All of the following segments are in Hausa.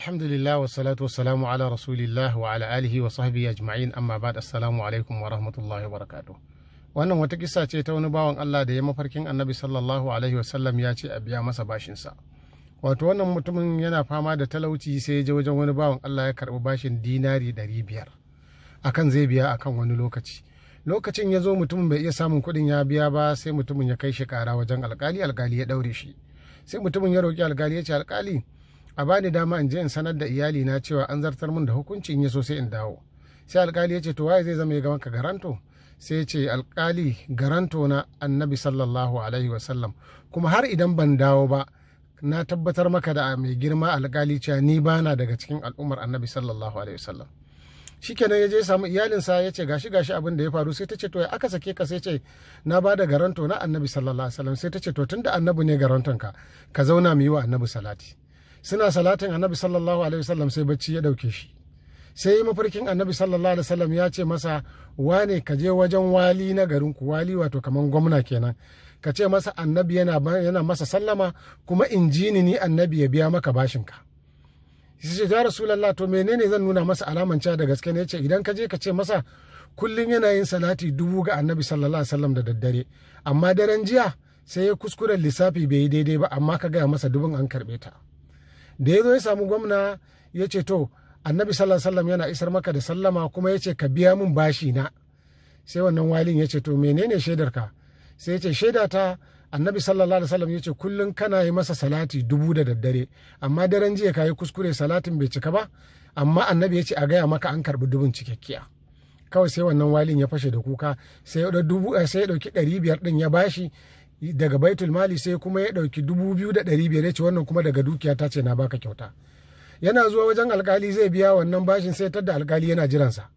alhamdulillah wa salatu wa salamu ala rasulillah wa ala alihi wa ajma'in amma ba da assalamu alaikum wa wannan wata kisa ce ta wani bawan Allah da ya mafarkin annabi sallallahu alaihi wa ya ce a biya masa bashinsa wato wannan mutumin yana fama da talauci sai ya je wajen wani bawan Allah ya karbi bashin dinari ɗari biyar akan zai biya akan wani lokaci lokacin ya zo mutumin bai iya samun kuɗin ya biya ba sai mutumin ya kai shi kara wajen alkali alkali ya ɗaure shi sai mutumin ya roƙi alkali ya ce alkali a bani dama in je in sanar da iyali na cewa an zartar min da hukunci in ya so sai in dawo sai alkali ya ce to waye zai zama ya ga maka garanto sai ya ce alkali garanto na annabi sallallahu alaihi wasallam kuma har idan ban dawo ba na tabbatar maka da mai girma alkali cewa ni bana daga cikin al'ummar annabi sallallahu alaihi wasallam shikenan ya je samu iyalinsa ya ce gashi gashi abin da ya faru sai ta ce to ya aka sake ka sai ce na ba da garanto na annabi sallallahu alaihi wasallam sai ta ce to tunda annabi ne garanton ka ka zauna mu yi wa annabi salati suna salatin annabi sallallahu alaihi wasallam sai bacci ya dauke shi sai yi mafarkin annabi sallallahu alaihi wasallam ya ce masa wane ka je wajen wali na garin ku wali wato kamar gwamna kenan ka ce masa annabi yana yana masa sallama kuma injini ni annabi ya biya maka ka sai ce ya rasulullah to menene zan nuna masa alaman cewa da gaske ne ce idan ka je ka ce masa kullum yana yin salati dubu ga annabi sallallahu alaihi wasallam da daddare amma daren jiya sai ya kuskure lissafi bai yi daidai ba amma ka gaya masa dubun an karbe ta da ya zo ya samu gwamna ya ce to annabi sallallahu sallam yana isar maka da sallama kuma ya ce ka biya min bashi na sai wannan walin ya ce to menene shaidarka sai ya ce shaida ta annabi sallallahu alaihi wasallam ya ce kullum kana yi masa salati dubu da daddare amma daren jiya ka yi kuskure salatin bai cika ba amma annabi ya ce a gaya maka an karbi dubun cikakkiya kawai sai wannan walin ya fashe da kuka sai ya eh, ɗauki ɗari biyar ɗin ya bashi daga baitul mali sai kuma ya ɗauki dubu biyu da ɗari biyar ya ce wannan kuma daga dukiya ta ce na baka kyauta yana zuwa wajen alkali zai biya wannan bashin sai tadda alkali yana jiransa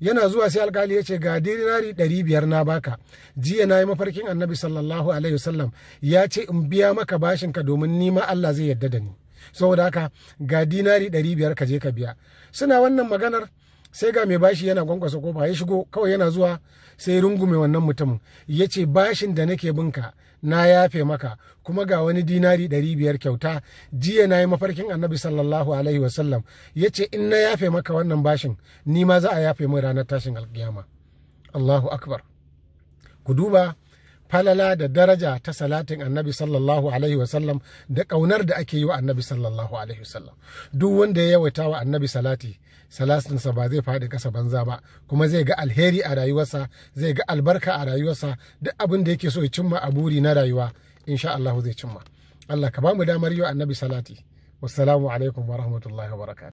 yana zuwa sai alkali ya ce ga dinari ɗari biyar na baka jiya na yi mafarkin annabi sallallahu alaihi wasallam ya ce in biya maka bashin ka domin ni ma Allah zai yarda da ni saboda haka ga dinari ɗari biyar ka je ka biya suna wannan maganar sai ga mai bashi yana kwankwasa kofa ya shigo kawai yana zuwa sai rungume wannan mutumin ya ce bashin da nake binka na yafe maka kuma ga wani dinari ɗari biyar kyauta jiya na yi mafarkin annabi sallallahu alaihi wasallam ya ce in na yafe maka wannan bashin ni ma za a yafe min ranar tashin alkiyama allahu akbar ku duba falala da daraja ta salatin annabi sallallahu alaihi wasallam da ƙaunar da ake yi wa annabi sallallahu alaihi wasallam duk wanda ya yawaita wa annabi salati salatinsa ba zai faɗi ƙasa banza ba kuma zai ga alheri a rayuwarsa zai ga albarka a rayuwarsa duk abin da yake so ya cimma a buri na rayuwa insha Allah zai cimma Allah ka ba mu damar yi wa annabi salati wassalamu alaikum wa rahmatullahi wa barakatuh